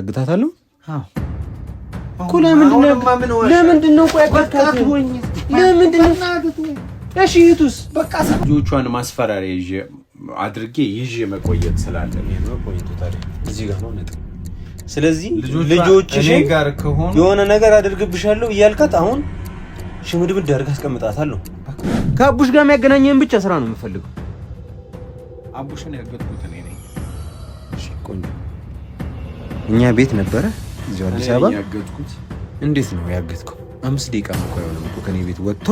አግታታለሁ እኮ ለምንድን ነው ልጆቿን ማስፈራሪያ ይዤ አድርጌ ይዤ መቆየት ስላለ እዚህ ጋር ነው ነጥብ። ስለዚህ ልጆችሽን የሆነ ነገር አድርግብሻለሁ እያልካት አሁን ሽምድምድ አድርግ አስቀምጣታለሁ። ከአቡሽ ጋር የሚያገናኘን ብቻ ስራ ነው የምፈልገው። አቡሽን ያገጥኩት እኔ ነኝ። ቆንጆ እኛ ቤት ነበረ እዚሁ አዲስ አበባ። እንዴት ነው ያገትኩ? አምስት ደቂቃ እንኳ አይሆንም እኮ ከኔ ቤት ወጥቶ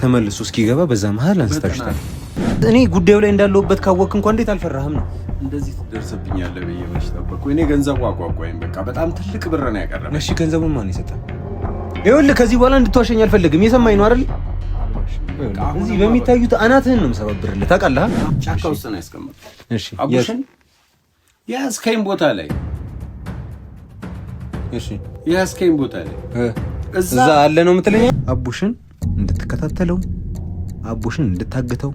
ተመልሶ እስኪገባ በዛ መሀል አንስታችሁታል። እኔ ጉዳዩ ላይ እንዳለሁበት ካወቅ እንኳ እንዴት አልፈራህም ነው እንደዚህ ትደርስብኛለህ ብዬ መች ጠበቅኩ። እኔ ገንዘቡ አቋቋኝ፣ በቃ በጣም ትልቅ ብር ነው ያቀረበ። እሺ ገንዘቡ ማን ይሰጣል? ይኸውልህ ከዚህ በኋላ እንድትዋሸኝ አልፈልግም። የሰማኝ ነው አይደል? እዚህ በሚታዩት አናትህን ነው የምሰባብርልህ። ታውቃለህ? ጫካ ውስጥ ነው ያስቀመጥኩት። እሺ ያዝከኝ ቦታ ላይ የያዝከኝ ቦታ ላይ እዛ አለ ነው የምትለኝ። አቡሽን እንድትከታተለው አቡሽን እንድታግተው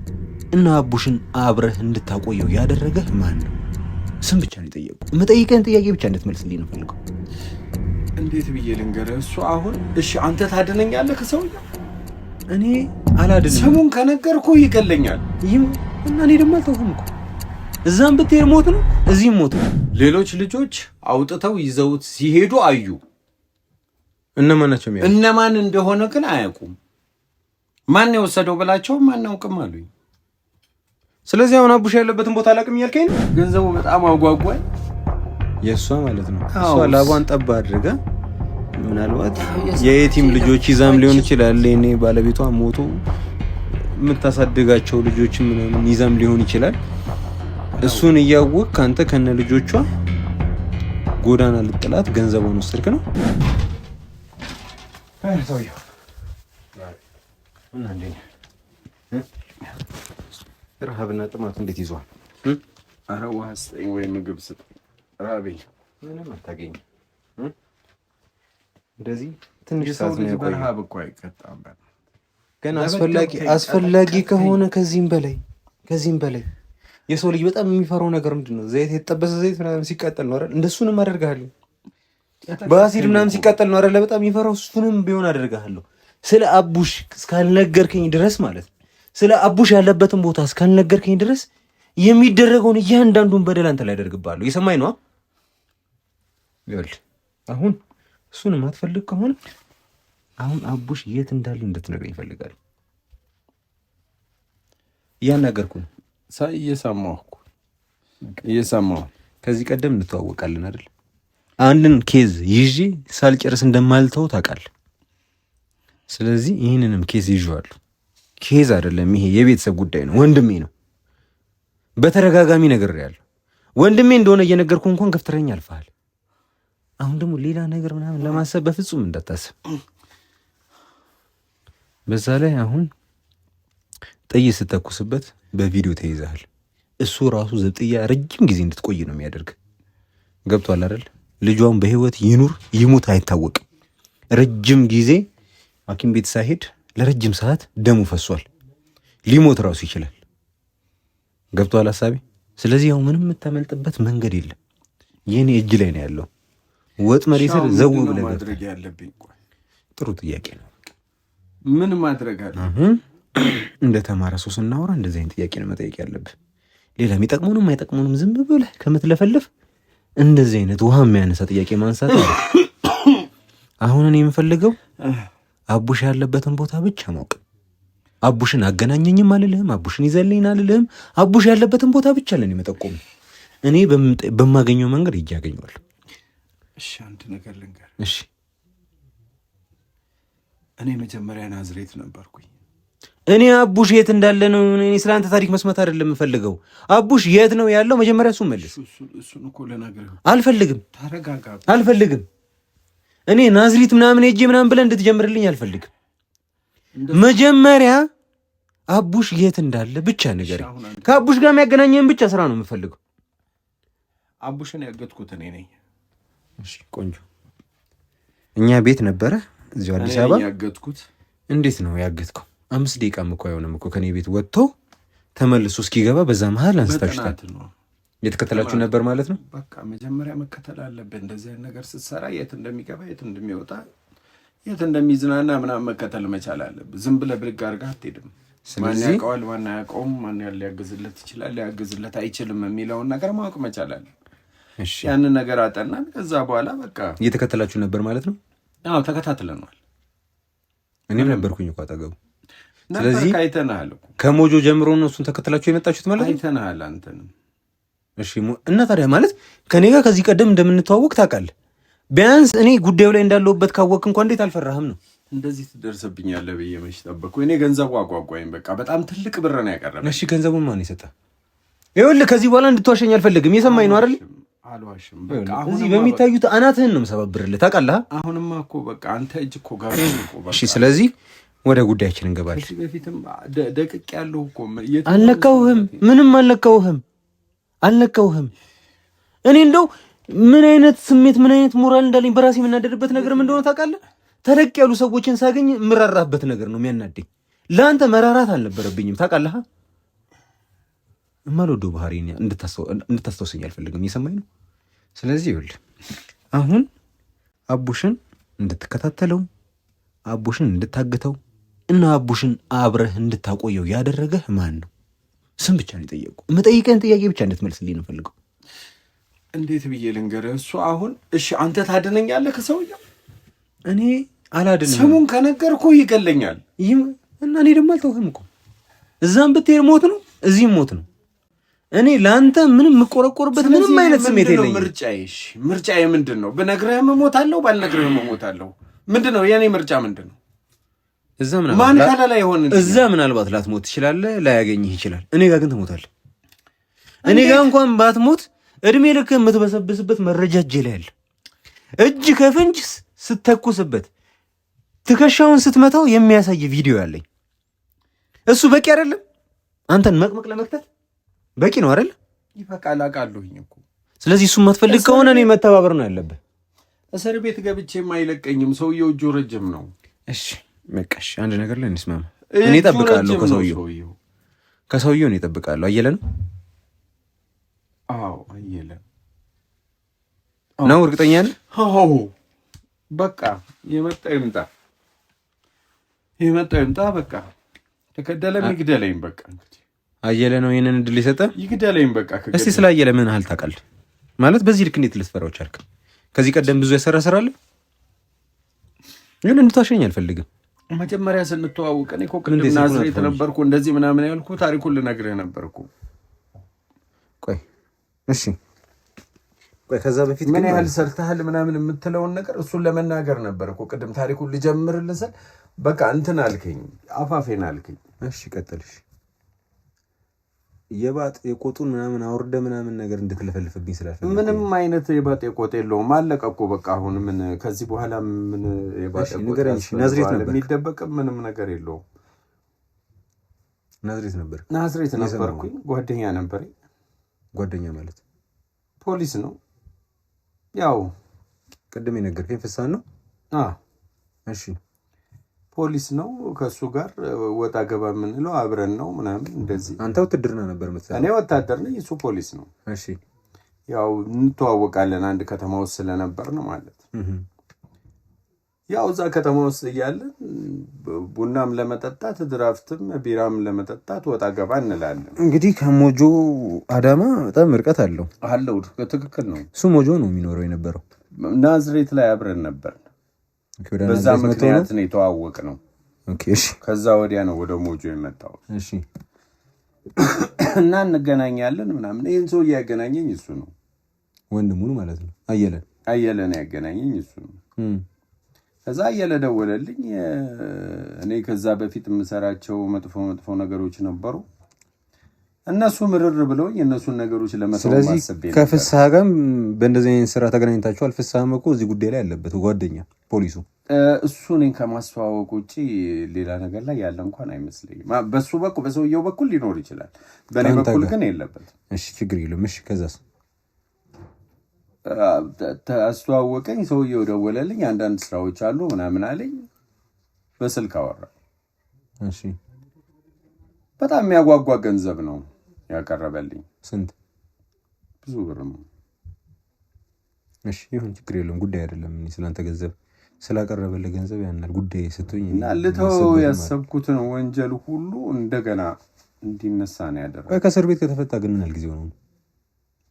እና አቡሽን አብረህ እንድታቆየው ያደረገህ ማን ነው? ስም ብቻ ነው የጠየቁ። መጠይቀን ጥያቄ ብቻ እንድትመልስልኝ ነው ፈልገው። እንዴት ብዬ ልንገርህ? እሱ አሁን እሺ፣ አንተ ታድነኛለህ ከሰውዬው እኔ አላድንም። ስሙን ከነገርኩ ይገለኛል። ይህም እና እኔ ደግሞ አልተውኩም እኮ እዛም ብትሄድ ሞት ነው፣ እዚህም ሞት ነው። ሌሎች ልጆች አውጥተው ይዘውት ሲሄዱ አዩ። እነማን ናቸው? እነማን እንደሆነ ግን አያውቁም። ማን የወሰደው ብላቸውም አናውቅም አሉኝ። ስለዚህ አሁን አቡሽ ያለበትን ቦታ አላውቅም እያልከኝ ነው። ገንዘቡ በጣም አጓጓኝ። የእሷ ማለት ነው። እሷ ላቧን ጠባ አድርገ ምናልባት የየቲም ልጆች ይዛም ሊሆን ይችላል። እኔ ባለቤቷ ሞቶ የምታሳድጋቸው ልጆች ምናምን ይዛም ሊሆን ይችላል። እሱን እያወቅ ከአንተ ከነ ልጆቿ ጎዳና ልጥላት ገንዘቧን ወሰድክ ነው። ረሃብና ጥማት እንዴት ይዟል? አረ ውሃ ስጠኝ ወይ ምግብ ስጥ። ራበኝ። ምንም አታገኝ። እንደዚህ ትንሽ ሰዓት ነው። በረሃብ እኮ አይቀጣም። ገና አስፈላጊ አስፈላጊ ከሆነ ከዚህም በላይ ከዚህም በላይ የሰው ልጅ በጣም የሚፈራው ነገር ምንድን ነው? ዘይት የተጠበሰ ዘይት ምናምን ሲቃጠል ነው አይደል? እንደሱንም አደርግሃለሁ። በአሲድ ምናምን ሲቃጠል ነው አይደል? በጣም የሚፈራው እሱንም ቢሆን አደርግሃለሁ። ስለ አቡሽ እስካልነገርከኝ ድረስ ማለት ስለ አቡሽ ያለበትን ቦታ እስካልነገርከኝ ድረስ የሚደረገውን እያንዳንዱን በደል አንተ ላይ አደርግብሃለሁ። የሰማኝ ነው ይል አሁን እሱን የማትፈልግ ከሆነ አሁን አቡሽ የት እንዳለ እንድትነግረኝ ይፈልጋል። እያናገርኩ ነው ሳይ እየሰማሁ እየሰማሁ ከዚህ ቀደም እንተዋወቃለን አይደል? አንድን ኬዝ ይዤ ሳልጨርስ እንደማልተው ታውቃለህ። ስለዚህ ይህንንም ኬዝ ይዤዋለሁ። ኬዝ አይደለም ይሄ የቤተሰብ ጉዳይ ነው። ወንድሜ ነው። በተደጋጋሚ ነግሬያለሁ። ወንድሜ እንደሆነ እየነገርኩ እንኳን ከፍተረኛ አልፈሃል። አሁን ደግሞ ሌላ ነገር ምናምን ለማሰብ በፍጹም እንዳታስብ። በዛ ላይ አሁን ጥይት ስተኩስበት በቪዲዮ ተይዘሃል። እሱ ራሱ ዘብጥያ ረጅም ጊዜ እንድትቆይ ነው የሚያደርግ። ገብቷል አይደል? ልጇን በህይወት ይኑር ይሙት አይታወቅም። ረጅም ጊዜ ሐኪም ቤት ሳይሄድ ለረጅም ሰዓት ደሙ ፈሷል። ሊሞት ራሱ ይችላል። ገብቷል ሀሳቤ? ስለዚህ ያው ምንም የምታመልጥበት መንገድ የለም። የኔ እጅ ላይ ነው ያለው ወጥ መሬት ዘው ብለህ ጥሩ ጥያቄ ነው። ምን ማድረግ አለ እንደ ተማረ ሰው ስናወራ እንደዚህ አይነት ጥያቄ ነው መጠየቅ ያለብህ። ሌላ የሚጠቅሙንም አይጠቅሙንም ዝም ብለህ ከምትለፈልፍ እንደዚህ አይነት ውሃ የሚያነሳ ጥያቄ ማንሳት። አሁን እኔ የምፈልገው አቡሽ ያለበትን ቦታ ብቻ ማወቅ። አቡሽን አገናኘኝም አልልህም፣ አቡሽን ይዘልኝ አልልህም። አቡሽ ያለበትን ቦታ ብቻ ለን መጠቆም። እኔ በማገኘው መንገድ ሂጅ አገኘዋለሁ። እሺ፣ አንድ ነገር ልንገር። እሺ፣ እኔ መጀመሪያ ናዝሬት ነበርኩኝ እኔ አቡሽ የት እንዳለ ነው። እኔ ስለ አንተ ታሪክ መስማት አይደለም የምፈልገው። አቡሽ የት ነው ያለው? መጀመሪያ እሱን መልስ። አልፈልግም፣ አልፈልግም። እኔ ናዝሪት ምናምን ሄጄ ምናምን ብለህ እንድትጀምርልኝ አልፈልግም። መጀመሪያ አቡሽ የት እንዳለ ብቻ ነገር፣ ከአቡሽ ጋር የሚያገናኘን ብቻ ስራ ነው የምፈልገው። አቡሽን ያገጥኩት እኔ ነኝ። ቆንጆ እኛ ቤት ነበረ እዚሁ አዲስ አበባ። እንዴት ነው ያገጥከው? አምስት ደቂቃም እኮ አይሆንም እኮ ከኔ ቤት ወጥቶ ተመልሶ እስኪገባ በዛ መሀል አንስታሽታል። የተከተላችሁ ነበር ማለት ነው። በቃ መጀመሪያ መከተል አለብህ። እንደዚህ አይነት ነገር ስትሰራ የት እንደሚገባ፣ የት እንደሚወጣ፣ የት እንደሚዝናና ምናምን መከተል መቻል አለብህ። ዝም ብለህ ብድግ አድርገህ አትሄድም። ማን ያውቀዋል፣ ማን አያውቀውም፣ ማን ሊያግዝለት ይችላል፣ ሊያግዝለት አይችልም የሚለውን ነገር ማወቅ መቻል አለ። ያንን ነገር አጠናን። ከዛ በኋላ በቃ እየተከተላችሁ ነበር ማለት ነው። አዎ ተከታትለነዋል። እኔም ነበርኩኝ እኮ አጠገቡ ስለዚህ አይተናል። ከሞጆ ጀምሮ ነው እሱን ተከትላችሁ የመጣችሁት ማለት ነው። አይተናል አንተንም። እሺ እና ታዲያ ማለት ከኔ ጋር ከዚህ ቀደም እንደምንተዋወቅ ታውቃለህ። ቢያንስ እኔ ጉዳዩ ላይ እንዳለሁበት ካወቅ እንኳ እንዴት አልፈራህም ነው እንደዚህ ትደርስብኛለህ ብዬ መች ጠበቅኩ። እኔ ገንዘቡ አጓጓኝ። በቃ በጣም ትልቅ ብር ነው ያቀረበ። እሺ ገንዘቡን ማን የሰጠ? ይኸውልህ ከዚህ በኋላ እንድትዋሸኝ አልፈልግም። የሰማኝ ነው አይደል? አልዋሽም። በቃ እዚህ በሚታዩት አናትህን ነው የምሰባብርልህ። ታውቃለህ። አሁንማ እኮ በቃ አንተ እጅ እኮ ጋር እሺ። ስለዚህ ወደ ጉዳያችን እንገባለን። ከዚህ በፊትም ደቅቅ ያለው እኮ አልለካውህም፣ ምንም አልለካውህም፣ አልለካውህም። እኔ እንደው ምን አይነት ስሜት ምን አይነት ሞራል እንዳለኝ በራሴ የምናደድበት ነገርም እንደሆነ ታውቃለህ። ተለቅ ያሉ ሰዎችን ሳገኝ የምራራበት ነገር ነው የሚያናደኝ። ለአንተ መራራት አልነበረብኝም ታውቃለህ። እማልወደው ባህሪ እንድታስታውሰኝ አልፈልግም። እየሰማኝ ነው። ስለዚህ ይኸውልህ አሁን አቡሽን እንድትከታተለው አቡሽን እንድታግተው እና አቡሽን አብረህ እንድታቆየው ያደረገህ ማን ነው? ስም ብቻ ነው የጠየቁ። መጠይቀን ጥያቄ ብቻ እንድትመልስልኝ ነው ፈልገው። እንዴት ብዬ ልንገርህ? እሱ አሁን እሺ፣ አንተ ታድነኛለህ ከሰውየው እኔ አላድነ ስሙን ከነገርኩ ይገለኛል እና እኔ ደግሞ አልተውህም እኮ እዛም ብትሄድ ሞት ነው፣ እዚህም ሞት ነው። እኔ ለአንተ ምንም የምቆረቆርበት ምንም አይነት ስሜት የለኝም። ምርጫዬ ምርጫዬ ምንድን ነው? ብነግርህም እሞታለሁ፣ ባልነግርህም እሞታለሁ። ምንድን ነው የእኔ ምርጫ? ምንድን ነው እዛ ምናልባት ላትሞት ትችላለህ፣ ላያገኝህ ይችላል። እኔ ጋር ግን ትሞታለህ። እኔ ጋር እንኳን ባትሞት እድሜ ልክ የምትበሰብስበት መረጃ እጄ ላይ አለ። እጅ ከፍንጅ ስተኩስበት ትከሻውን ስትመታው የሚያሳይ ቪዲዮ ያለኝ እሱ በቂ አይደለም። አንተን መቅመቅ ለመክተት በቂ ነው አይደል? ይፈቃል አቃለሁኝ እኮ። ስለዚህ እሱ የማትፈልግ ከሆነ እኔ መተባበር ነው ያለብህ። እስር ቤት ገብቼ አይለቀኝም። ሰውየው እጁ ረጅም ነው። እሺ መቀሽ አንድ ነገር ላይ እንስማማ። እኔ እጠብቃለሁ ከሰውየው ከሰውየው እኔ እጠብቃለሁ። አየለ ነው? አዎ አየለ ነው። እርግጠኛ ነህ? በቃ የመጣ ይምጣ፣ የመጣ ይምጣ። በቃ ተከደለም ይግደለኝ። በቃ እንግዲህ አየለ ነው ይህንን እድል ይሰጠ ይግደለኝ። በቃ እስቲ ስለ አየለ ምን ያህል ታውቃለህ? ማለት በዚህ ልክ እንዴት ልትፈራዎች አልክ? ከዚህ ቀደም ብዙ ያሰራ ስራ አለ። ይሁን እንድታሸኝ አልፈልግም መጀመሪያ ስንተዋወቅ እኔ እኮ ቅድም ናዝሬት ነበርኩ እንደዚህ ምናምን ያልኩ ታሪኩን ልነግርህ ነበርኩ። ቆይ እሺ፣ ቆይ ከዛ በፊት ምን ያህል ሰርተሃል ምናምን የምትለውን ነገር እሱን ለመናገር ነበር እኮ ቅድም ታሪኩን ልጀምርልህ ስል በቃ እንትን አልከኝ፣ አፋፌን አልከኝ። እሺ ቀጥልሽ የባጥ የቆጡን ምናምን አውርደ ምናምን ነገር እንድትለፈልፍብኝ ስላልፈለኩ ምንም አይነት የባጥ የቆጥ የለውም። አለቀ እኮ በቃ። አሁን ምን ከዚህ በኋላ ምን ነዝሬት ነበር የሚደበቅም ምንም ነገር የለውም። ናዝሬት ነበር ናዝሬት ነበርኩኝ። ጓደኛ ነበር። ጓደኛ ማለት ፖሊስ ነው። ያው ቅድም የነገርከኝ ፍሳን ነው። እሺ ፖሊስ ነው። ከእሱ ጋር ወጣ ገባ የምንለው አብረን ነው ምናምን እንደዚህ። አንተ ውትድርና ነበር እኔ ወታደር ነኝ፣ እሱ ፖሊስ ነው። እሺ ያው እንተዋወቃለን አንድ ከተማ ውስጥ ስለነበር ነው ማለት ያው እዛ ከተማ ውስጥ እያለን ቡናም ለመጠጣት ድራፍትም ቢራም ለመጠጣት ወጣ ገባ እንላለን። እንግዲህ ከሞጆ አዳማ በጣም ርቀት አለው አለው። ትክክል ነው። እሱ ሞጆ ነው የሚኖረው የነበረው ናዝሬት ላይ አብረን ነበር በዛ ምክንያት ነው የተዋወቅ ነው። ከዛ ወዲያ ነው ወደ ሞጆ የመጣው እና እንገናኛለን ምናምን። ይህን ሰው እያገናኘኝ እሱ ነው፣ ወንድሙን ማለት ነው። አየለ አየለ ነው ያገናኘኝ እሱ ነው። ከዛ አየለ ደወለልኝ። እኔ ከዛ በፊት የምሰራቸው መጥፎ መጥፎ ነገሮች ነበሩ እነሱ ምርር ብለው የእነሱን ነገሮች ለመተው ስለዚህ ከፍስሐ ጋር በእንደዚህ አይነት ስራ ተገናኝታችኋል። ፍስሐም እኮ እዚህ ጉዳይ ላይ አለበት ጓደኛ ፖሊሱ። እሱ እኔን ከማስተዋወቅ ውጭ ሌላ ነገር ላይ ያለ እንኳን አይመስለኝም። በሱ በኩል በሰውየው በኩል ሊኖር ይችላል፣ በእኔ በኩል ግን የለበት። እሺ ችግር የለም። እሺ ከዛስ አስተዋወቀኝ። ሰውየው ደወለልኝ። አንዳንድ ስራዎች አሉ ምናምን አለኝ። በስልክ አወራ። በጣም የሚያጓጓ ገንዘብ ነው። ያቀረበልኝ። ስንት? ብዙ ብር ነው። እሺ ይሁን፣ ችግር የለም። ጉዳይ አይደለም። እኔ ስላንተ ገንዘብ ስላቀረበልህ ገንዘብ ያናል ጉዳይ ስትኝ እና ልተወው ያሰብኩትን ወንጀል ሁሉ እንደገና እንዲነሳ ነው ያደረገው። ከእስር ቤት ከተፈታ ግን ምናል ጊዜ ነው?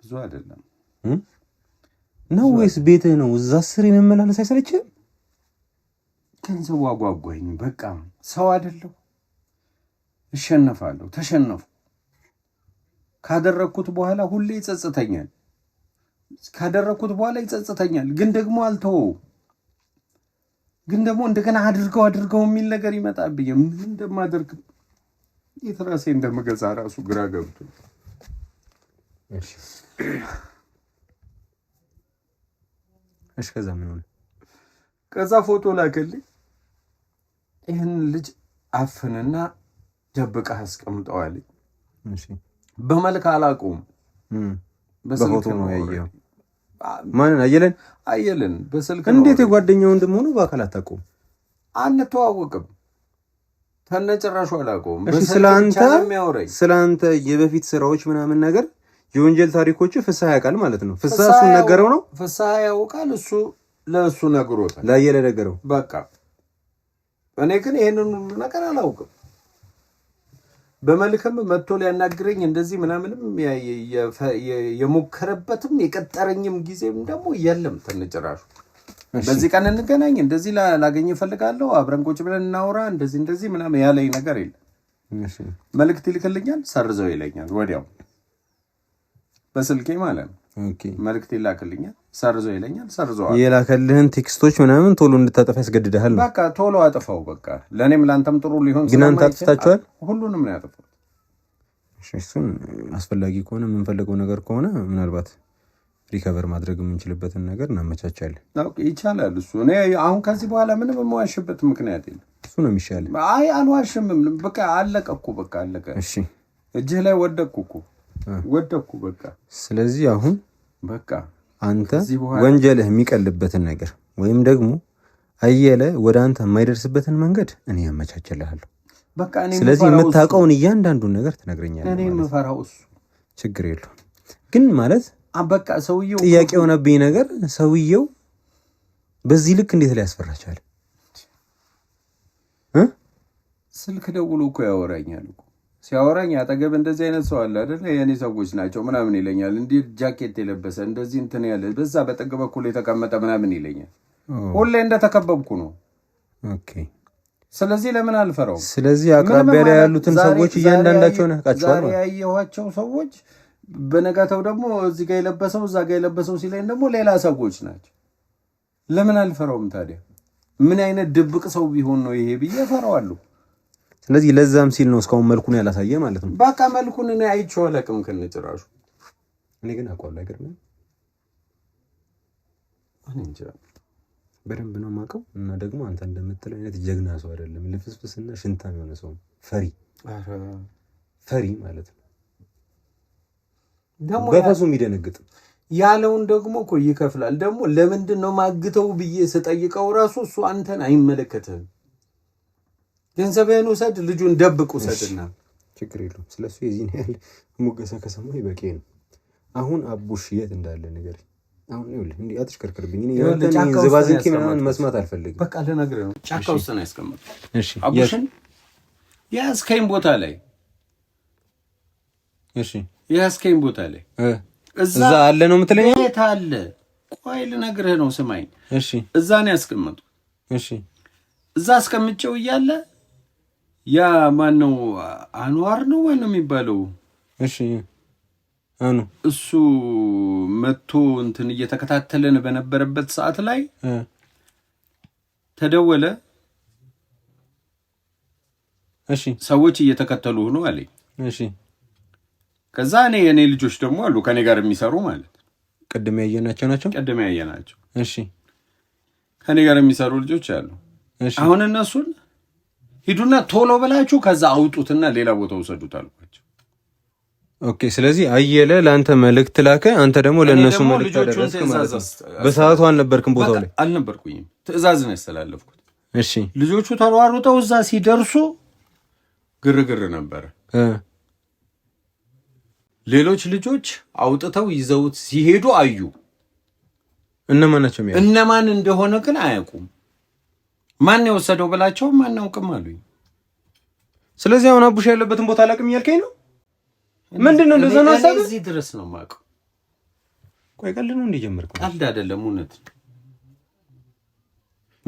ብዙ አይደለም ነው ወይስ ቤትህ ነው? እዛ ስር የመመላለስ አይሰለችህም? ገንዘቡ አጓጓኝ። በቃ ሰው አይደለሁ። እሸነፋለሁ። ተሸነፉ ካደረግኩት በኋላ ሁሌ ይጸጽተኛል። ካደረግኩት በኋላ ይጸጽተኛል፣ ግን ደግሞ አልተወውም። ግን ደግሞ እንደገና አድርገው አድርገው የሚል ነገር ይመጣብኝ። ምን እንደማደርግ የት ራሴ እንደምገዛ ራሱ ግራ ገብቶ እሺ ከዛ ምን ሆነ? ከዛ ፎቶ ላከልኝ። ይህን ልጅ አፍንና ደብቀህ አስቀምጠዋል። በመልክ አላውቀውም። በፎቶ ነው ያየኸው? ማንን? አየለን አየለን። በስልክ እንዴት የጓደኛው እንደሆነ በአካል አታውቀውም? አንተዋወቅም። ተነጭራሹ አላውቀውም። ስለአንተ የበፊት ስራዎች ምናምን ነገር የወንጀል ታሪኮች ፍስሐ ያውቃል ማለት ነው። ፍስሐ እሱን ነገረው ነው ፍስሐ ያውቃል። እሱ ለእሱ ነግሮታል፣ ላየለ ነገረው። በቃ እኔ ግን ይህንን ሁሉ ነገር አላውቅም። በመልክም መጥቶ ሊያናግረኝ እንደዚህ ምናምንም የሞከረበትም የቀጠረኝም ጊዜም ደግሞ የለም። ትንጭራሹ በዚህ ቀን እንገናኝ፣ እንደዚህ ላገኝ እፈልጋለሁ፣ አብረን ቁጭ ብለን እናውራ፣ እንደዚህ እንደዚህ ምናምን ያለኝ ነገር የለም። መልክት ይልክልኛል፣ ሰርዘው ይለኛል፣ ወዲያው በስልኬ ማለት ነው። መልክት ይላክልኛል ሰርዞ ይለኛል። ሰርዞ የላከልህን ቴክስቶች ምናምን ቶሎ እንድታጠፋ ያስገድድሃል። በቃ ቶሎ አጥፋው። በቃ ለእኔም ለአንተም ጥሩ ሊሆን ግን አንተ አጥፍታቸዋል። ሁሉንም ነው ያጠፋው። እሱን አስፈላጊ ከሆነ የምንፈልገው ነገር ከሆነ ምናልባት ሪከቨር ማድረግ የምንችልበትን ነገር እናመቻቻለን። ይቻላል። እሱ እኔ አሁን ከዚህ በኋላ ምንም የምዋሽበት ምክንያት የለም። እሱ ነው የሚሻል። አይ አልዋሽምም። በቃ አለቀ እኮ በቃ አለቀ። እሺ እጅህ ላይ ወደቅኩ እኮ ወደቅኩ። በቃ ስለዚህ አሁን በቃ አንተ ወንጀልህ የሚቀልበትን ነገር ወይም ደግሞ አየለ ወደ አንተ የማይደርስበትን መንገድ እኔ ያመቻችልሃለሁ። ስለዚህ የምታውቀውን እያንዳንዱን ነገር ትነግረኛለህ። ችግር የለውም ግን ማለት በቃ ሰውየው ጥያቄ የሆነብኝ ነገር ሰውየው በዚህ ልክ እንዴት ላይ ያስፈራቻል? ስልክ ደውሎ እኮ ያወራኛል እኮ ሲያወራኝ አጠገብ እንደዚህ አይነት ሰው አለ አይደለ? የእኔ ሰዎች ናቸው ምናምን ይለኛል። እንዲህ ጃኬት የለበሰ እንደዚህ እንትን ያለ በዛ በጥግ በኩል የተቀመጠ ምናምን ይለኛል። ሁሌ እንደተከበብኩ ነው። ስለዚህ ለምን አልፈራውም? ስለዚህ አቅራቢያ ያሉትን ሰዎች እያንዳንዳቸውን ያውቃቸዋል። ያየኋቸው ሰዎች በነጋተው ደግሞ እዚህ ጋር የለበሰው እዛ ጋር የለበሰው ሲለኝ ደግሞ ሌላ ሰዎች ናቸው። ለምን አልፈራውም ታዲያ? ምን አይነት ድብቅ ሰው ቢሆን ነው ይሄ ብዬ እፈራዋለሁ። ስለዚህ ለዛም ሲል ነው እስካሁን መልኩን ያላሳየ ማለት ነው። በቃ መልኩን እኔ አይቼው አላውቅም ከነጭራሹ። እኔ ግን አውቀዋለሁ። አይገርምም? በደንብ ነው የማውቀው። እና ደግሞ አንተ እንደምትለው አይነት ጀግና ሰው አይደለም፣ ልፍስፍስና ሽንታም የሆነ ሰው ነው። ፈሪ ፈሪ ማለት ነው። ደግሞ በፈሱ የሚደነግጥ ያለውን ደግሞ እኮ ይከፍላል። ደግሞ ለምንድን ነው ማግተው ብዬ ስጠይቀው ራሱ እሱ አንተን አይመለከትህም ገንዘብህን ውሰድ፣ ልጁን ደብቅ ውሰድና ችግር የለውም። ስለሱ የዚህን ያህል ሙገሳ ከሰማሁ በቂ ነው። አሁን አቡሽ የት እንዳለ ነገር አሁን ይኸውልህ፣ እንዲህ አትሽከርከርብኝ። ዝባዝንኪ ምናምን መስማት አልፈልግም። በቃ ልነግርህ ነው። ጫካ ውስጥ ነው ያስቀመጥኩት አቡሽን። የያዝከኝ ቦታ ላይ የያዝከኝ ቦታ ላይ እዛ አለ ነው የምትለኝ? የት አለ? ቆይ ልነግርህ ነው። ስማኝ፣ እዛ ነው ያስቀመጥኩት። እዛ አስቀምጨው እያለ ያ ማን ነው? አንዋር ነው ማን ነው የሚባለው? እሺ አኑ እሱ መጥቶ እንትን እየተከታተለን በነበረበት ሰዓት ላይ ተደወለ። እሺ ሰዎች እየተከተሉ ሆኖ አለኝ። እሺ ከዛ እኔ የእኔ ልጆች ደግሞ አሉ ከኔ ጋር የሚሰሩ ማለት ቅድም ያየናቸው ናቸው። ቅድም ያየናቸው። እሺ ከኔ ጋር የሚሰሩ ልጆች አሉ። አሁን እነሱን ሂዱና ቶሎ ብላችሁ ከዛ አውጡትና ሌላ ቦታ ውሰዱት አልኳቸው። ኦኬ ስለዚህ አየለ ለአንተ መልእክት ላከ፣ አንተ ደግሞ ለእነሱ መልእክት አደረስክ ማለት በሰዓቱ አልነበርክም ቦታው ላይ አልነበርኩኝም። ትእዛዝ ነው ያስተላለፍኩት። እሺ ልጆቹ ተሯሩጠው እዛ ሲደርሱ ግርግር ነበረ። ሌሎች ልጆች አውጥተው ይዘውት ሲሄዱ አዩ። እነማን ናቸው? እነማን እንደሆነ ግን አያውቁም። ማን የወሰደው ብላቸውም አናውቅም አሉኝ። ስለዚህ አሁን አቡሽ ያለበትን ቦታ አላውቅም እያልከኝ ነው? ምንድን ነው እንደዛ ነው ሀሳብ? እዚህ ድረስ ነው የማውቀው። ቆይ ቀልድ ነው እንደ ጀመርከው? ቀልድ አይደለም፣ እውነት ነው።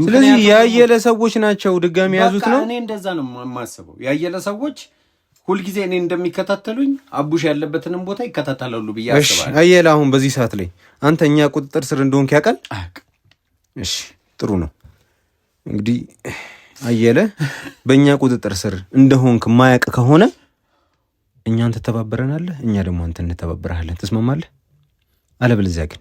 ስለዚህ ያየለ ሰዎች ናቸው ድጋሚ ያዙት ነው። እኔ እንደዛ ነው የማስበው። ያየለ ሰዎች ሁልጊዜ እኔ እንደሚከታተሉኝ አቡሽ ያለበትንም ቦታ ይከታተላሉ ብዬ አስባለሁ። አየለ አሁን በዚህ ሰዓት ላይ አንተ እኛ ቁጥጥር ስር እንደሆንክ ያውቃል። እሺ ጥሩ ነው። እንግዲህ አየለ በእኛ ቁጥጥር ስር እንደሆንክ ማያቅ ከሆነ እኛን ትተባበረናለህ፣ እኛ ደግሞ አንተ እንተባበረሃለን። ትስማማለህ? አለበለዚያ ግን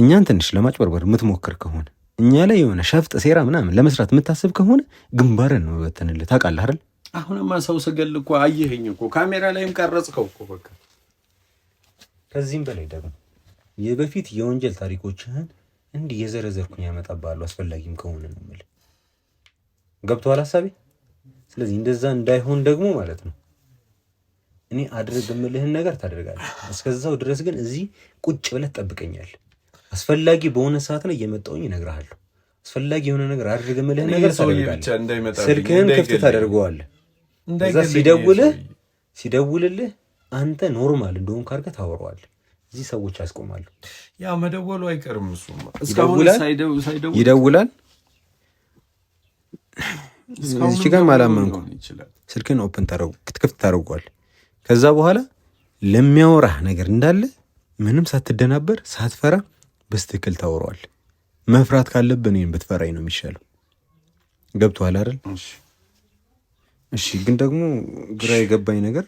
እኛን ትንሽ ለማጭበርበር የምትሞክር ከሆነ እኛ ላይ የሆነ ሸፍጥ፣ ሴራ ምናምን ለመስራት የምታስብ ከሆነ ግንባርን ነው በተንልህ። ታውቃለህ አይደል? አሁንማ ሰው ስገል እኮ አየኸኝ እኮ ካሜራ ላይም ቀረጽከው እኮ በቃ። ከዚህም በላይ ደግሞ የበፊት የወንጀል ታሪኮችህን እንዲህ የዘረዘርኩኝ ያመጣብሃሉ አስፈላጊም ከሆነ ነው የምልህ ገብተዋል ሀሳቤ። ስለዚህ እንደዛ እንዳይሆን ደግሞ ማለት ነው እኔ አድርግ የምልህን ነገር ታደርጋለህ። እስከዛው ድረስ ግን እዚህ ቁጭ ብለህ ትጠብቀኛል። አስፈላጊ በሆነ ሰዓት ላይ እየመጣሁኝ እነግርሃለሁ። አስፈላጊ የሆነ ነገር አድርግ የምልህን ነገር ታደርጋለህ። ስልክህን ክፍት ታደርገዋለህ። እዛ ሲደውልህ ሲደውልልህ አንተ ኖርማል እንደሆን ካርገ ታወረዋለህ። እዚህ ሰዎች ያስቆማሉ። ያ መደወሉ አይቀርም። እሱ ይደውላል እዚህ ጋር አላመንኩም። ስልክን ኦፕን ክትክፍት ታደርጓል። ከዛ በኋላ ለሚያወራህ ነገር እንዳለ ምንም ሳትደናበር ሳትፈራ በስትክል ታወረዋል። መፍራት ካለብን እኔን ብትፈራኝ ነው የሚሻለው። ገብቶሃል አይደል? እሺ። ግን ደግሞ ግራ የገባኝ ነገር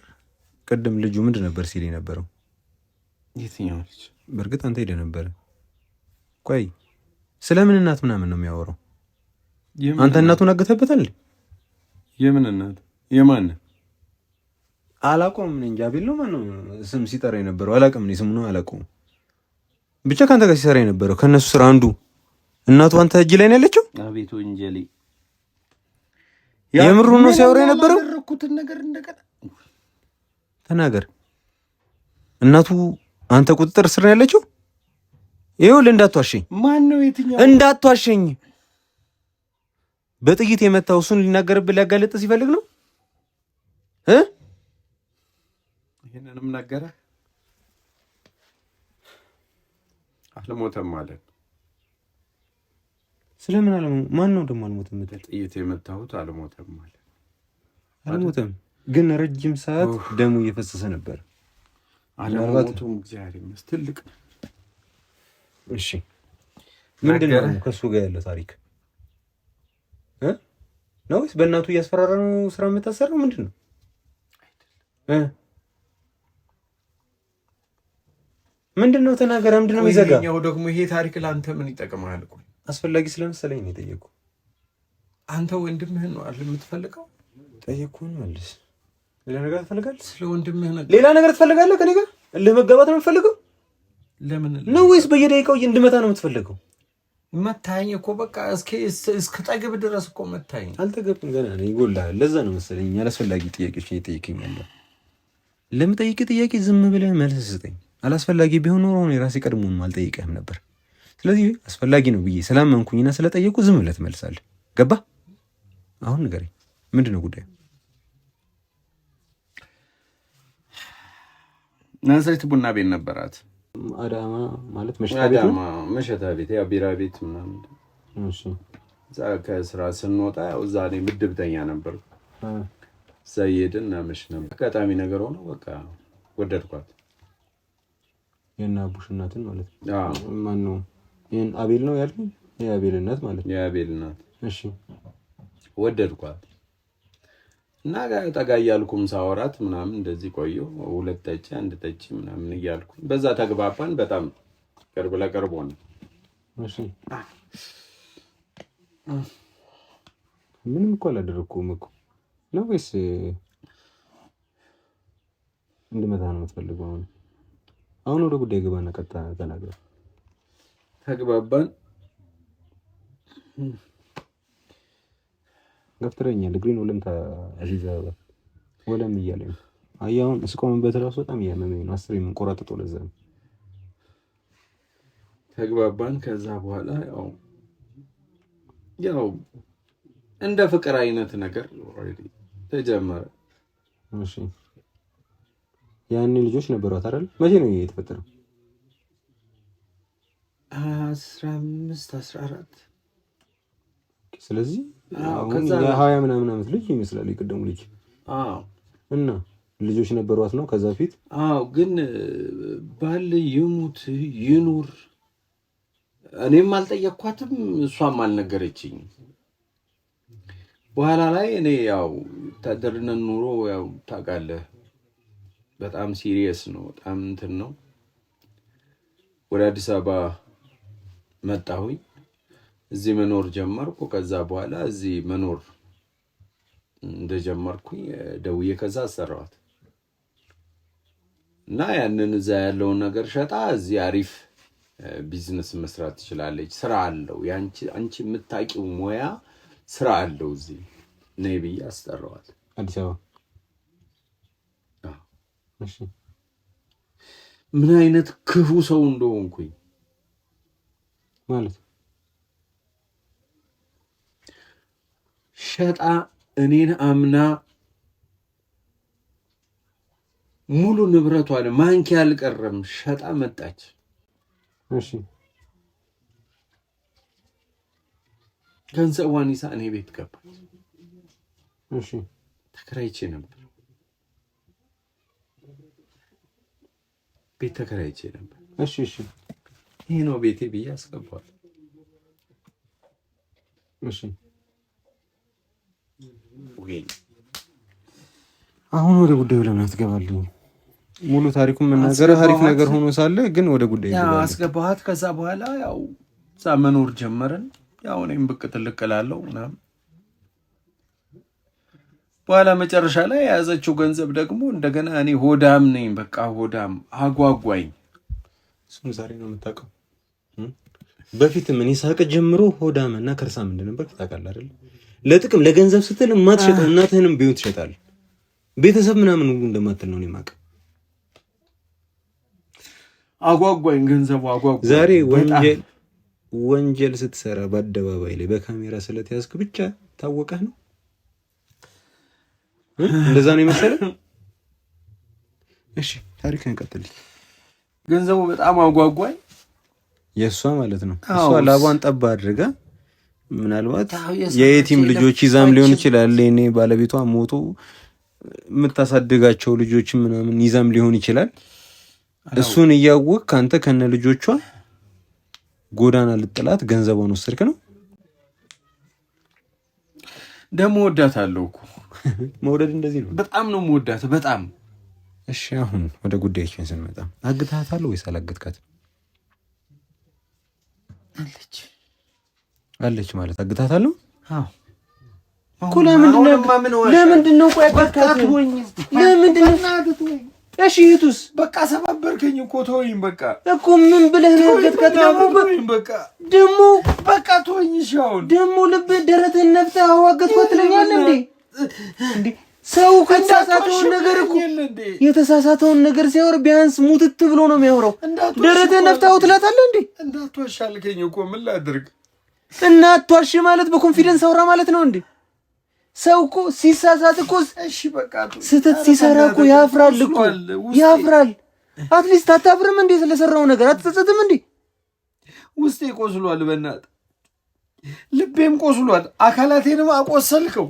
ቅድም ልጁ ምንድን ነበር ሲል የነበረው የትኛው ልጅ? በእርግጥ አንተ ሄደህ ነበረ። ቆይ ስለምን እናት ምናምን ነው የሚያወራው? አንተ እናቱን አገተበታል። የምን እናት የማን አላቆም እኔ እንጃ አቤል ነው ማነው ስም ሲጠራ የነበረው አላውቅም። እኔ ስሙን አላውቀውም። ብቻ ከአንተ ጋር ሲሰራ የነበረው ከእነሱ ስራ አንዱ እናቱ አንተ እጅ ላይ ነው ያለችው። አቤት ወንጀሌ! የምሩ ነው ሲያወራ የነበረው። ተናገር። እናቱ አንተ ቁጥጥር ስር ነው ያለችው። ይኸውልህ፣ እንዳትዋሸኝ። ማን ነው የትኛው? እንዳትዋሸኝ በጥይት የመታው እሱን ሊናገርብህ ሊያጋለጥ ሲፈልግ ነው። ይህንንም ነገረ አልሞተም አለን። ስለምን አልሞተም? ማን ነው ደግሞ አልሞተም? ጥይት የመታሁት አልሞተም አለን። አልሞተም ግን ረጅም ሰዓት ደሙ እየፈሰሰ ነበር። አለሞቱም እግዚአብሔር ይመስገን። ትልቅ እሺ። ምንድን ነው ከእሱ ጋር ያለ ታሪክ ነው ወይስ በእናቱ እያስፈራራ ነው ስራ የምታሰራው? ምንድን ነው? ምንድን ነው? ተናገር። ምንድን ነው የሚዘጋ? ደግሞ ይሄ ታሪክ ለአንተ ምን ይጠቅማል? ይጠቅምሃል? አስፈላጊ ስለመሰለኝ ነው የጠየኩህ። አንተ ወንድምህን ነው አይደል የምትፈልገው? ጠየኩህን መልስ። ሌላ ነገር ትፈልጋለህ? ስለ ወንድምህ ነገር ሌላ ነገር ትፈልጋለህ? ከኔ ጋር እልህ ነው የምትፈልገው? ለምን ነው ወይስ በየደቂቃው እንድመታ ነው የምትፈልገው? መታኝ እኮ በቃ እስክጠግብ ድረስ እኮ መታኝ። አልጠገብም ገና ይጎልሃል። ለዛ ነው መሰለኝ አላስፈላጊ ጥያቄዎች እየጠየቀኝ ያለ። ለምጠይቅ ጥያቄ ዝም ብለህ መልስ ስጠኝ። አላስፈላጊ ቢሆን ኖሮ ሆነ የራሴ ቀድሞን አልጠይቀህም ነበር። ስለዚህ አስፈላጊ ነው ብዬ ስላመንኩኝና ስለጠየቁ ዝም ብለህ ትመልሳለህ። ገባ? አሁን ንገረኝ፣ ምንድን ነው ጉዳዩ? ናዝሬት ቡና ቤት ነበራት አዳማ ማለት መሸታ ቤት ያው ቢራ ቤት ምናምን ከስራ ስንወጣ ያው እዛ እኔ ምድብተኛ ነበር። እዛ እየሄድን እናመሽ ነበር። አጋጣሚ ነገር ሆኖ በቃ ወደድኳት። የእነ አቡሽ እናትን ማለት ነው። ማን ነው ይህን አቤል ነው ያልኩኝ። የአቤል እናት ማለት ነው። የአቤል እናት እሺ፣ ወደድኳት እና ጠጋ እያልኩም ሳወራት ምናምን እንደዚህ ቆዩ። ሁለት ጠጪ አንድ ጠጪ ምናምን እያልኩኝ በዛ ተግባባን። በጣም ቅርብ ለቅርብ ሆነ። ምንም እኮ አላደረኩም እኮ ነው። ወይስ እንድመታ ነው የምትፈልገው? አሁን አሁን ወደ ጉዳይ ግባና ቀጥታ ተናገር። ተግባባን ገፍትረኛል ግሪን ወለም ተዚዘ ወለም እያለኝ ነው። አየህ አሁን እስቆምበት እራሱ በጣም እያመመኝ ነው። አስር የምንቆራጥጦ ለዛ ነው። ተግባባን። ከዛ በኋላ ያው ያው እንደ ፍቅር አይነት ነገር ተጀመረ። እሺ ያኔ ልጆች ነበሯት አይደል? መቼ ነው የተፈጠረው? አስራ አምስት አስራ አራት ስለዚህ የሀያ ምናምን ዓመት ልጅ ይመስላል የቀደሙ ልጅ እና ልጆች ነበሯት ነው ከዛ ፊት። አዎ ግን ባል ይሙት ይኑር እኔም አልጠየኳትም፣ እሷም አልነገረችኝ በኋላ ላይ እኔ ያው ወታደርነት ኑሮ ያው ታውቃለህ፣ በጣም ሲሪየስ ነው፣ በጣም እንትን ነው። ወደ አዲስ አበባ መጣሁኝ። እዚህ መኖር ጀመርኩ። ከዛ በኋላ እዚህ መኖር እንደጀመርኩኝ ደውዬ ከዛ አሰራዋት እና ያንን እዛ ያለውን ነገር ሸጣ እዚህ አሪፍ ቢዝነስ መስራት ትችላለች። ስራ አለው። አንቺ የምታውቂው ሙያ ስራ አለው። እዚህ ነይ ብዬ አስጠራዋል አዲስ አበባ። ምን አይነት ክፉ ሰው እንደሆንኩኝ ማለት ነው ሸጣ እኔን አምና ሙሉ ንብረቷን ማንኪያ አልቀረም ሸጣ መጣች። ገንዘቧን ይዛ እኔ ቤት ገባች። ተከራይቼ ነበር፣ ቤት ተከራይቼ ነበር። ይህ ነው ቤቴ ብዬ አስገባዋል። አሁን ወደ ጉዳዩ ለምን አትገባልኝ? ሙሉ ታሪኩም መናገር አሪፍ ነገር ሆኖ ሳለ ግን ወደ ጉዳዩ አስገባሃት። ከዛ በኋላ ያው እዛ መኖር ጀመርን። ያው እኔም ብቅ ጥልቅ እላለሁ ምናምን። በኋላ መጨረሻ ላይ የያዘችው ገንዘብ ደግሞ እንደገና እኔ ሆዳም ነኝ፣ በቃ ሆዳም አጓጓኝ። እሱም ዛሬ ነው የምታውቀው። በፊትም እኔ ሳቅ ጀምሮ ሆዳም እና ከርሳም እንደነበር ታውቃለህ አይደል? ለጥቅም ለገንዘብ ስትል የማትሸጠው እናትህንም ቢሆን ትሸጣል። ቤተሰብ ምናምን እንደማትል ነው የማውቀው። አጓጓኝ ገንዘቡ አጓጓኝ። ዛሬ ወንጀል ወንጀል ስትሰራ በአደባባይ ላይ በካሜራ ስለተያዝክ ብቻ ታወቀህ ነው እንደዛ ነው የመሰለህ። እሺ ታሪክን ቀጥል። ገንዘቡ በጣም አጓጓኝ የእሷ ማለት ነው። እሷ ላቧን ጠባ አድርጋ ምናልባት የየቲም ልጆች ይዛም ሊሆን ይችላል። እኔ ባለቤቷ ሞቶ የምታሳድጋቸው ልጆች ምናምን ይዛም ሊሆን ይችላል። እሱን እያወቅ ከአንተ ከነ ልጆቿ ጎዳና ልጥላት ገንዘቧን ወሰድክ ነው። ደግሞ ወዳት አለው እኮ መውደድ እንደዚህ ነው። በጣም ነው መወዳት በጣም እሺ። አሁን ወደ ጉዳያችን ስንመጣ አግታታል ወይስ አላገጥካት አለች አለች ማለት አግታታለሁ እኮ ለምንድን ነው እሺ እህቱስ? በቃ ሰባበርከኝ እኮ ተወኝ። በቃ እኮ ምን ብለህ ነው ገትከት በቃ ደሞ በቃ ተወኝ። ሻውን ደሞ ልብ ደረትህን ነፍተህ አዋገትኳት ትለኛለህ እንዴ? እንዴ ሰው ከተሳሳተውን ነገር እኮ የተሳሳተውን ነገር ሲያወር ቢያንስ ሙትት ብሎ ነው የሚያወራው። ደረትህን ነፍተህ አውጥላታለህ እንዴ? እንዳትዋሻልከኝ እኮ ምን ላድርግ እና አቷሽ ማለት በኮንፊደንስ አውራ ማለት ነው እንዴ? ሰው እኮ ሲሳሳት እኮ እሺ፣ በቃ ስህተት ሲሰራ እኮ ያፍራል እኮ ያፍራል። አትሊስት አታፍርም እንዴ? ስለሰራው ነገር አትጸጸትም እንዴ? ውስጤ ቆስሏል፣ በእናት ልቤም ቆስሏል። አካላቴንም አቆሰልከው።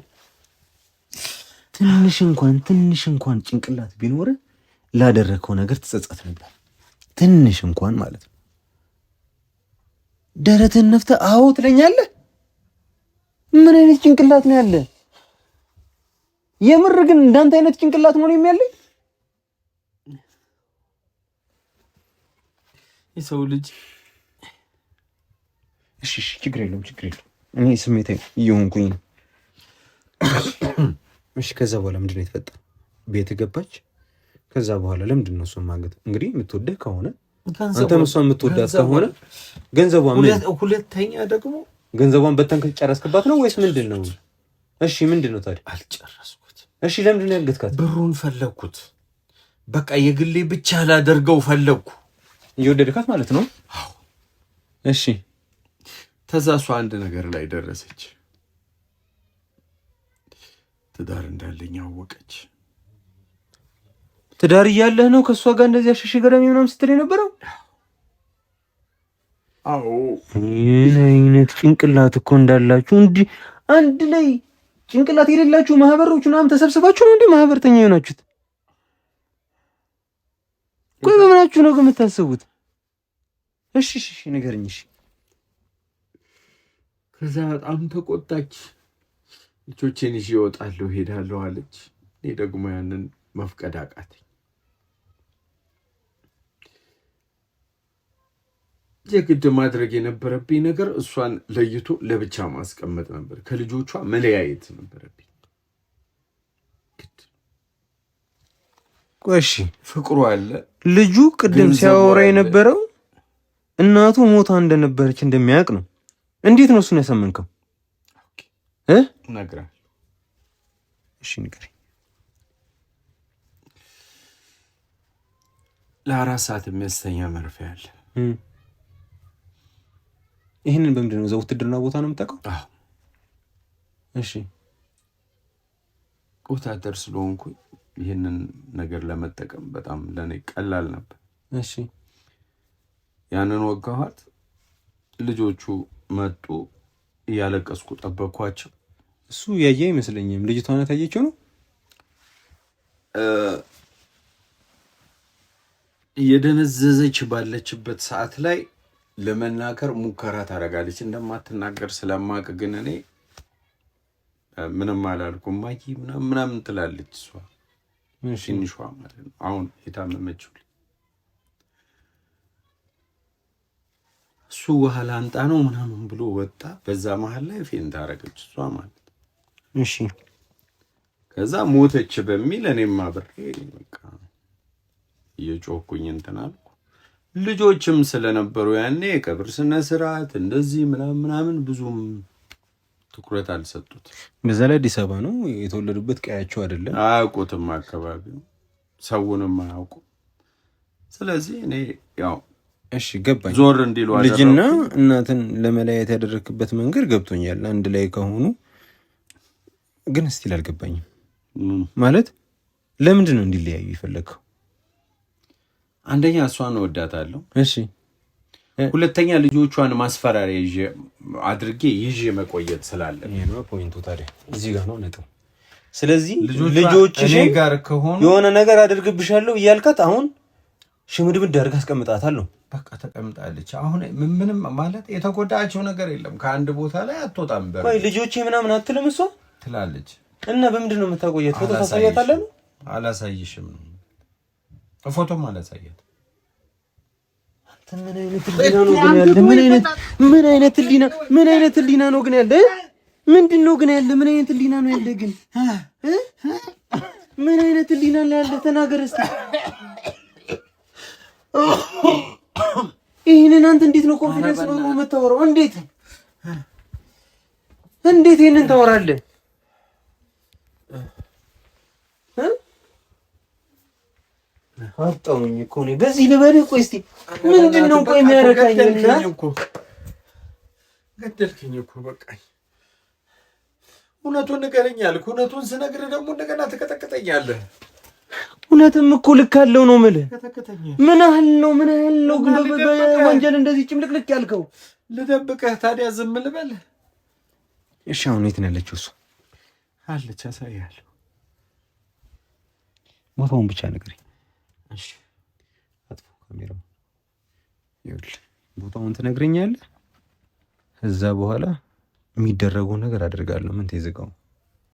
ትንሽ እንኳን ትንሽ እንኳን ጭንቅላት ቢኖር ላደረግከው ነገር ትጸጸት ነበር። ትንሽ እንኳን ማለት ነው ደረትን ነፍተ አዎ ትለኛለህ? ምን አይነት ጭንቅላት ነው ያለ? የምር ግን እንዳንተ አይነት ጭንቅላት ነው የሚያለኝ። የሰው ልጅ እሺ፣ እሺ፣ ችግር የለውም ችግር የለውም። እኔ ስሜት እየሆንኩኝ ነው። እሺ፣ ከዛ በኋላ ምንድን ነው የተፈጠረ? ቤት ገባች። ከዛ በኋላ ለምንድን ነው እሱን ማገት? እንግዲህ የምትወደህ ከሆነ አንተም እሷ የምትወዳት ከሆነ ገንዘቧሁለተኛ ሁለተኛ ደግሞ ገንዘቧን በተንከት ጨረስክባት ነው ወይስ ምንድን ነው? እሺ ምንድን ነው ታዲያ? አልጨረስኩት። እሺ ለምንድን ነው ያገትካት? ብሩን ፈለግኩት። በቃ የግሌ ብቻ ላደርገው ፈለግኩ። እየወደድካት ማለት ነው? አዎ። እሺ ተዛ እሷ አንድ ነገር ላይ ደረሰች። ትዳር እንዳለኝ አወቀች። ትዳር እያለህ ነው ከእሷ ጋር እንደዚህ አሸሽ ገረሚ ምናምን ስትል የነበረው? አዎ ይህን አይነት ጭንቅላት እኮ እንዳላችሁ እንዲህ አንድ ላይ ጭንቅላት የሌላችሁ ማህበሮች ምናምን ተሰብስባችሁ ነው እንዴ ማህበርተኛ የሆናችሁት? ቆይ በምናችሁ ነው የምታስቡት? እሺ እሺ ንገርኝ። እሺ ከዛ በጣም ተቆጣች። ልጆቼን ይዤ እወጣለሁ እሄዳለሁ አለች። እኔ ደግሞ ያንን መፍቀድ አቃተኝ። የግድ ማድረግ የነበረብኝ ነገር እሷን ለይቶ ለብቻ ማስቀመጥ ነበር። ከልጆቿ መለያየት ነበረብኝ። ቆሺ ፍቅሩ አለ። ልጁ ቅድም ሲያወራ የነበረው እናቱ ሞታ እንደነበረች እንደሚያውቅ ነው። እንዴት ነው እሱን ያሳመንከው? እሺ ንገረኝ። ለአራት ሰዓት የሚያስተኛ መርፌ አለ ይህንን በምንድን ነው? እዛ ውትድርና ቦታ ነው የምታውቀው? እሺ ወታደር ስለሆንኩ ይህንን ነገር ለመጠቀም በጣም ለእኔ ቀላል ነበር። እሺ ያንን ወጋኋት። ልጆቹ መጡ፣ እያለቀስኩ ጠበኳቸው። እሱ ያየ አይመስለኝም። ልጅቷ ናት ያየችው ነው እየደነዘዘች ባለችበት ሰዓት ላይ ለመናገር ሙከራ ታደርጋለች። እንደማትናገር ስለማቅ ግን እኔ ምንም አላልኩ። ማይ ምናምን ትላለች እሷ ትንሿ ማለት ነው። አሁን የታመመችው እሱ ውሃ ላንጣ ነው ምናምን ብሎ ወጣ። በዛ መሀል ላይ ፌን አደረገች እሷ ማለት እሺ ከዛ ሞተች በሚል እኔም አብሬ በቃ እየጮኩኝ እንትን አልኩ። ልጆችም ስለነበሩ ያኔ የቀብር ስነ ስርዓት እንደዚህ ምናምን ምናምን ብዙም ትኩረት አልሰጡት። በዛ ላይ አዲስ አበባ ነው የተወለዱበት፣ ቀያቸው አይደለም፣ አያውቁትም፣ አካባቢ ሰውንም አያውቁ። ስለዚህ እኔ ያው እሺ ገባኝ፣ ዞር እንዲሉ ልጅና እናትን ለመለያየት ያደረክበት መንገድ ገብቶኛል። አንድ ላይ ከሆኑ ግን ስቲል አልገባኝም ማለት ለምንድን ነው እንዲለያዩ የፈለግከው? አንደኛ እሷን እወዳታለሁ። እሺ ሁለተኛ ልጆቿን ማስፈራሪያ አድርጌ ይዤ መቆየት ስላለ ፖይንቱ ታዲያ እዚህ ጋር ነው ነጥብ። ስለዚህ ልጆች ጋር ከሆኑ የሆነ ነገር አድርግብሻለሁ እያልካት አሁን ሽምድምድ አድርግ አስቀምጣታለሁ። በቃ ተቀምጣለች። አሁን ምንም ማለት የተጎዳቸው ነገር የለም። ከአንድ ቦታ ላይ አትወጣም። ልጆቼ ምናምን አትልም እሷ ትላለች። እና በምንድን ነው የምታቆየት? ፎቶ ታሳያታለን? አላሳይሽም ፎቶም አላሳያት። ምን አይነት ህሊና ምን አይነት ህሊና ነው ግን ያለ? ምንድን ነው ግን ያለ? ምን አይነት ህሊና ነው ያለ? ግን ምን አይነት ህሊና ነው ያለ? ተናገር እስኪ። ይህንን አንተ እንዴት ነው ኮንፊደንስ ነው የምታወራው? እንዴት እንዴት ይህንን ታወራለህ? አጣውኝ እኮ እኔ በዚህ ልበልህ። ቆይ እስኪ ምንድን ነው ቆይ የሚያረካኝ? ገደልክኝ እኮ በቃኝ። እውነቱን ንገረኝ አልክ። እውነቱን ስነግርህ ደግሞ እንደገና ትቀጠቅጠኛለህ። እውነትም እኮ ልክ አለው ነው የምልህ። ምን ያህል ነው ምን ያህል ነው ግን በወንጀል እንደዚህ ጭምልቅልቅ ያልከው? ልደብቅህ ታዲያ ዝም ልበል? እሺ አሁን የት ነው ያለችው? እሱ አለች፣ አሳይሃለሁ። ቦታውን ብቻ ንገረኝ። እሺ አጥፎ ካሜራው ይኸውልህ፣ ቦታውን ትነግረኛለህ። እዛ በኋላ የሚደረገው ነገር አድርጋለሁ። ምን ተይዝቀው